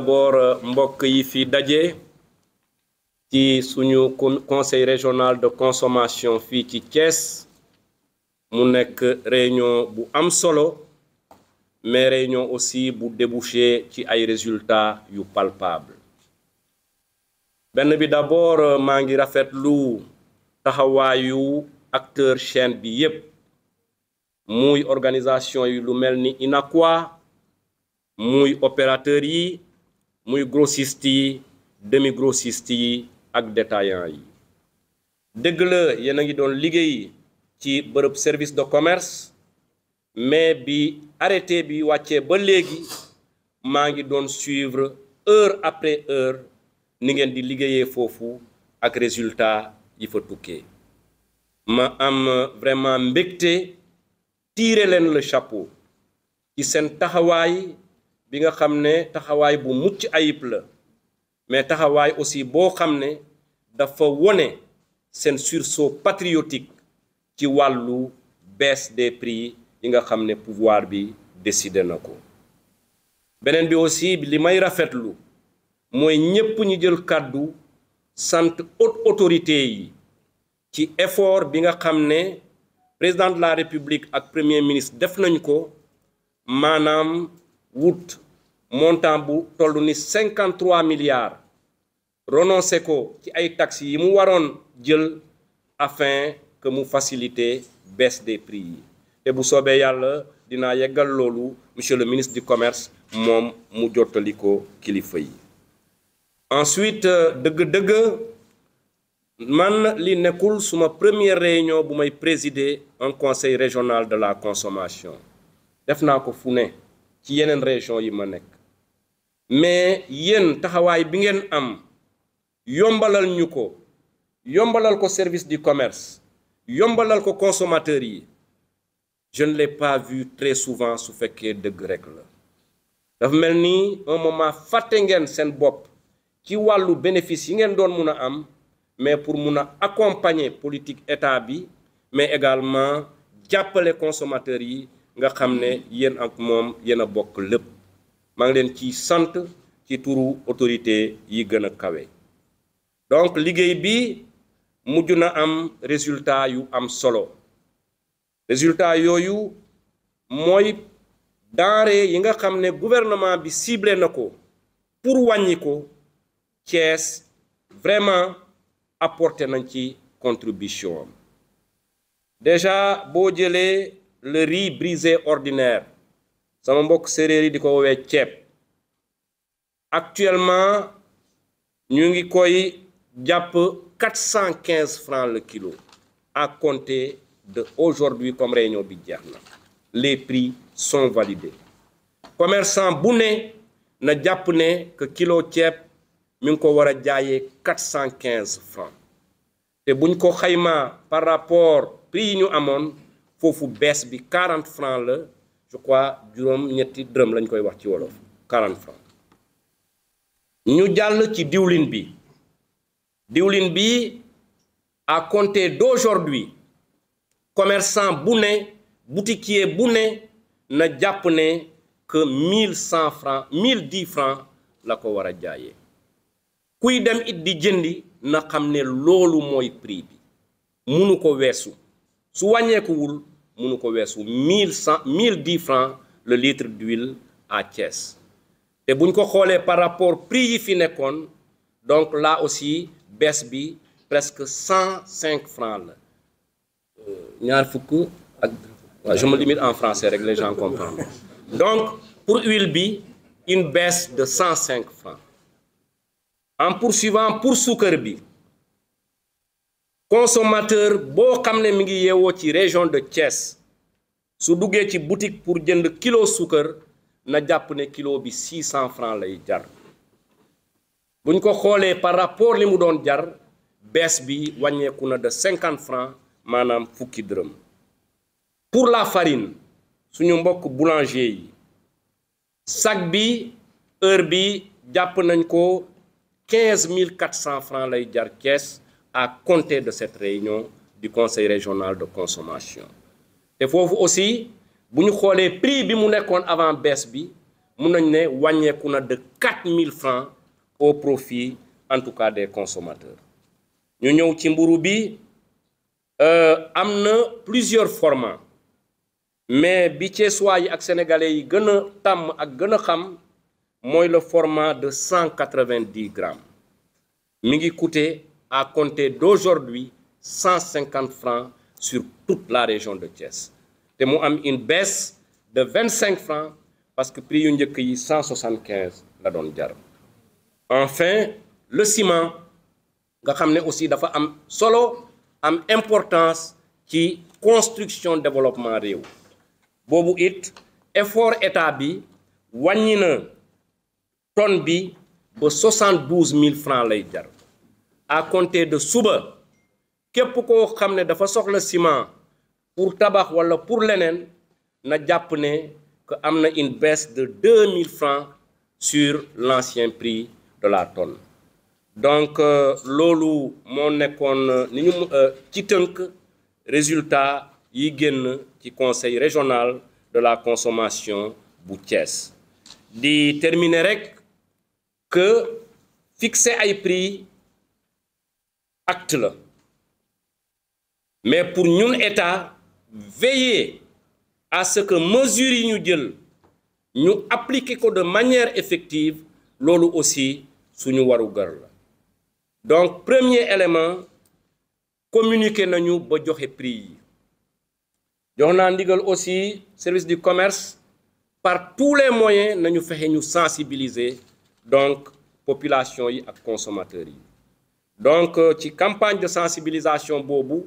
d'abord euh, mbok yi fi dajé ci suñu conseil régional de consommation fi ci Thiès mu nek réunion bu am solo mais réunion aussi bu déboucher ci ay résultats yu palpable ben bi d'abord euh, maa ngi rafetlu acteur chaîne bi yépp muy organisation yi lu melni ni inakwa muy opérateur yi muy grossiste yi demi grossiste yi ak détaillant yi dëgg la yéen a ngi doon liggéey ci bërëb service de commerce mais bi arrêté bi wàccee ba léegi maa suivre heure après heure ni ngeen di liggéeyee foofu ak résultat yi faut tukkee ma am vraiment mbégte tiire leen le chapeau ci seen taxawaay bi nga xamné taxaway bu mucc ayib la mais taxaway aussi bo xamné ne dafa woné sen sursaut patriotique ci walu baisse des prix yi nga xamné pouvoir bi décider nako benen bi aussi li may rafetlu moy ñepp ñu jël kàddu sant haute autorité yi ci effort bi nga xamné président de la république ak premier ministre def nañ ko manam wut montant bu toll ni 53 milliards renoncé ko ci ay taxes yi mu waroon afin que mu faciliter baisse des prix Et te bu sobe yalla dina yegal lolou monsieur le ministre du commerce mom mu jottali ko kilifa yi. ensuite deug deug man li nekul suma première réunion bu may présider un conseil régional de la consommation def naa ci yeneen région yi ma nekk mais yéen taxawaay bi ngeen am yombalal ñu ko yombalal ko service du commerce yombalal ko consommateur yi je ne l'ai pas vu très souvent su fekkee dëgg rek la dafa mel ni un moment fàtte ngeen seen bopp ci wàllu bénéfice yi ngeen doon mun am mais pour mun a accompagner politique état bi mais également jàppale consommateur yi nga xam yeen ak mom yéen a bokk lépp ngi len ci sante ci turu autorité yi gëna kawé kawe donc liggéey bi mujj na am résultat yu am solo résultat yu moy denrée yi nga xam gouvernement bi ciblé nako pour wagniko Thiès vraiment apporter nañ ci contribution déjà bo jëlé le riz brisé ordinaire sama mbok séeréer diko wé ko actuellement ñu ngi koy japp 415 francs le kilo à compter d'aujourd'hui comme réunion bi les prix sont validés commerçant Bouné ne na pas né que kilo ceeb mi ngi ko wara francs Et buñ ko par rapport prix ñu amone fofu baisse bi 40 francs le je crois juróom-ñetti drum lañ koy wax ci wolof 40 francs ñu jall ci diwlin bi diwlin bi à compter d'aujourd'hui commerçant bu ne boutiquier bu ne na japp ne que 1100 francs 1010 francs la ko wara jaayé kuy dem it di jëndi na xamné lolu moy prix bi munu ko wessu si on a francs le litre d'huile à caisse. Et si on a par rapport au prix fin donc là aussi, baisse presque 105 francs. Euh, je me limite en français, les gens comprennent. Donc, pour huile, une baisse de 105 francs. En poursuivant pour sucre, consommateur boo xam ne mi ngi yeewoo ci région de Thiès su duggee ci boutique pour jënd kilo suukar na jàpp ne kilo bi 600 francs lay jar buñ ko xoolee par rapport li mu doon jar bees bi wàññeeku na de 50 francs maanaam fukki dërëm pour la farine suñu mbokk boulanger yi sac bi heure bi jàpp nañ ko 15400 francs lay jar Thiès à compter de cette réunion du conseil régional de consommation il faut aussi nous avons les prix bi mu avant baisse nous avons de 4 de francs au profit en tout cas des consommateurs Nous, avons ci euh, plusieurs formats mais bi Thiessois yi ak sénégalais yi ont tam, le format de 190 grammes Ce à compter d'aujourd'hui 150 francs sur toute la région de Thiès Et mu une baisse de 25 francs parce que prix yu de 175 la enfin le ciment nga xam aussi dafa am solo am importance qui construction développement réew boobu it effort établi, bi tonne 72 000 francs à compter de suba képp ko xamné de dafa le ciment pour tabac wala pour lenen na que amna une baisse de 2000 francs sur l'ancien prix de la tonne donc euh, lolo moo nekkoon euh, ni euh, ci teunk résultat yi génn ci conseil régional de la consommation boutiès dit terminer rek que fixer ay prix mais pour nous, état veiller à ce que mesures nous ñu jël appliquer de manière effective l'eau aussi suñu nous donc premier élément communiquer nañu ba joxe prix nous, avons ndigal aussi service du commerce par tous les moyens nous fexe nous sensibiliser donc population et ak consommateurs donc euh, ci campagne de sensibilisation bobu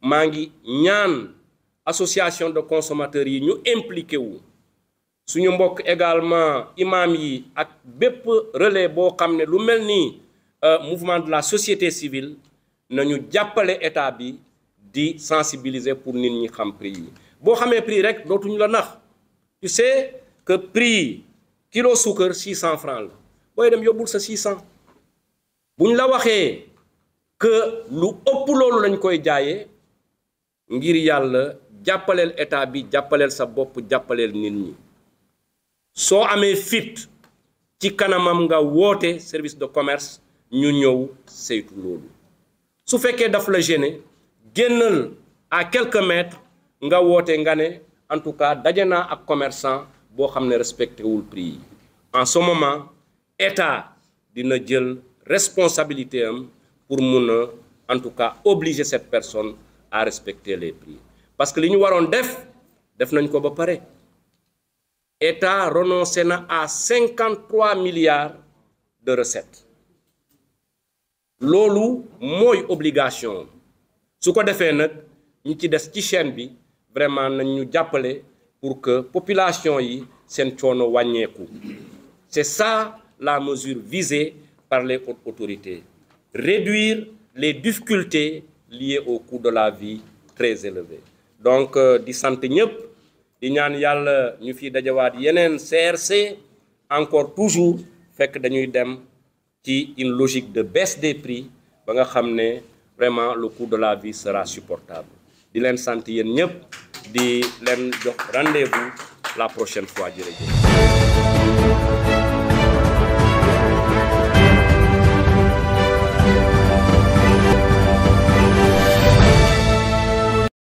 Mangi, ñaan association de consommateurs yi ñu impliqué wu suñu mbokk également imam yi ak bép relais bo xamné lu melni euh, mouvement de la société civile nañu jappalé état bi di sensibiliser pour nit ñi xam prix bo xamé prix rek dootuñu la nax tu sais que prix kilo sucre, 600 francs la booy dem yóbbul sa 600 buñ la waxé que lu ëpp loolu lañ koy jaayee ngir yàlla jàppaleel état bi jàppaleel sa bopp jàppaleel nit ñi soo amee fit ci kanamam nga woote service de commerce ñu ñëw seytu loolu su fekkee daf la gêner génnal à quelques mètres nga woote nga ne en tout cas daje naa ak commerçant boo xam ne respecté wul prix yi en ce moment état dina jël responsabilité am pour mon en tout cas obliger cette personne à respecter les prix parce que li ñu def def nañ ko ba L'État état renoncé à 53 milliards de recettes L'OLU, moy obligation Ce qu'on a fait, ñi ci des ci chaîne bi vraiment nañ pour que population yi seen coono c'est ça la mesure visée par les autorités réduire les difficultés liées au coût de la vie très élevé donc euh, di sant ñep, di ñaan yalla ñu fi dajawaat yenen CRC encore toujours fekk dañuy dem ci une logique de baisse des prix ba nga xamné vraiment le coût de la vie sera supportable di len sant yéen di len rendez-vous la prochaine fois jërëjëf